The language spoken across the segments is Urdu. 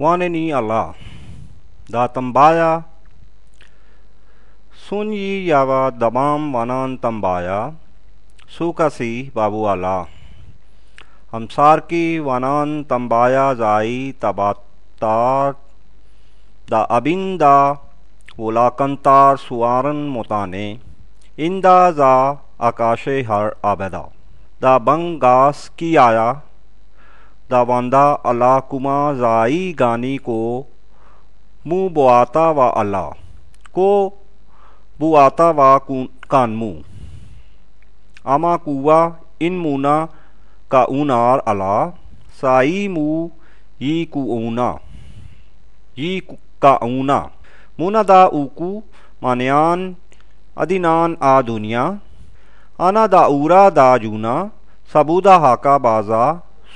واننی اللہ دا تمبایا سن یاوا دبام وانان تمبایا سی اللہ ہمسار کی وانان تمبایا زائی تباتار دا ابین دا ولاکنتار سوارن موتا نا زا آکاشے ہر آبدا دا بنگاس آیا داواندہ اللہ کما زائی گانی کو مو بواتا و اللہ کو بوتا وا کانو آما ان مونا کا اونار اللہ سائی اونا ی کا اونا مونا دا اوکو مانیان ادینان آ دنیا آنا دا اورا دا جونا سبودا ہاکا بازا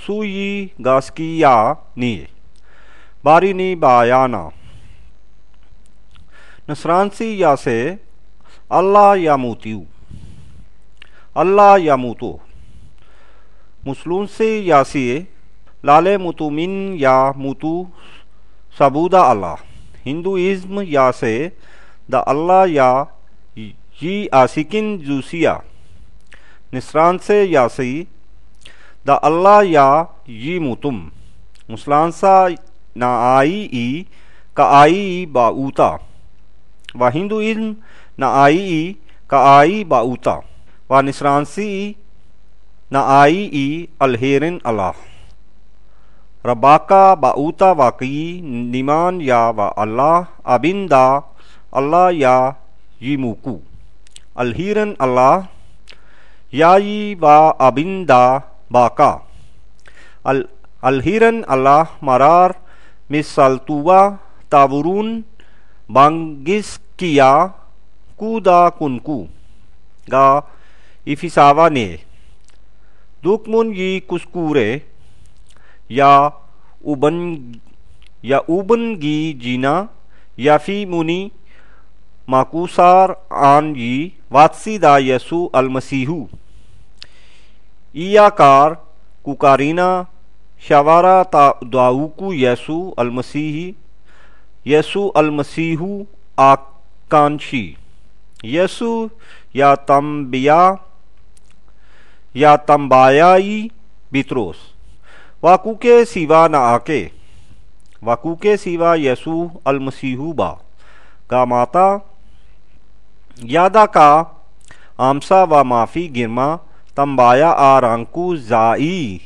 سوی گاسکی یا نی باری بایانہ نسرانسی یاس یا موتی اللہ یا موتو مسلوسی یاسی لال متو من یا موتو سبودا اللہ یا سے دا اللہ یا جی یسکن یوسی نسران سے یاسی دا اللہ یا یی متم مسلانسا نا آئی ای کا آئی و ہندو ازم نا آئی ای کا آئی باعتا و نسرانسی نا آئی ای الہیرن اللہ رباکا با اوتا واقعی نیمان یا و اللہ ابن دا اللہ یا یی موکو الہیرن اللہ یا و با دا باقا الہیرن اللہ مرار مسالتوا تاورون بانگسکیا کنکو افساوا نے دکمن کسکورے یا اوبن گی جینا یا فی منی ماکوسار آن یی واتسی دا یسو المسیحو ایاکار کار کوکارین تا داوکو یسو المسیحی یسو المسیح آکانشی یسو یا تمبیا یا تمبایائی بتروس واقو کے سیوا نا آکے واقو کے سیوا یسو المسیح با کا ماتا یادا کا آمسا و مافی گرما تمبایا آرانکو زائی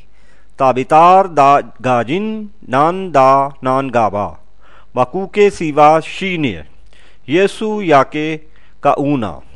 تابتار دا گاجن نان دا نان گابا وکو کے سیوا شین یسو یا کے کا اونا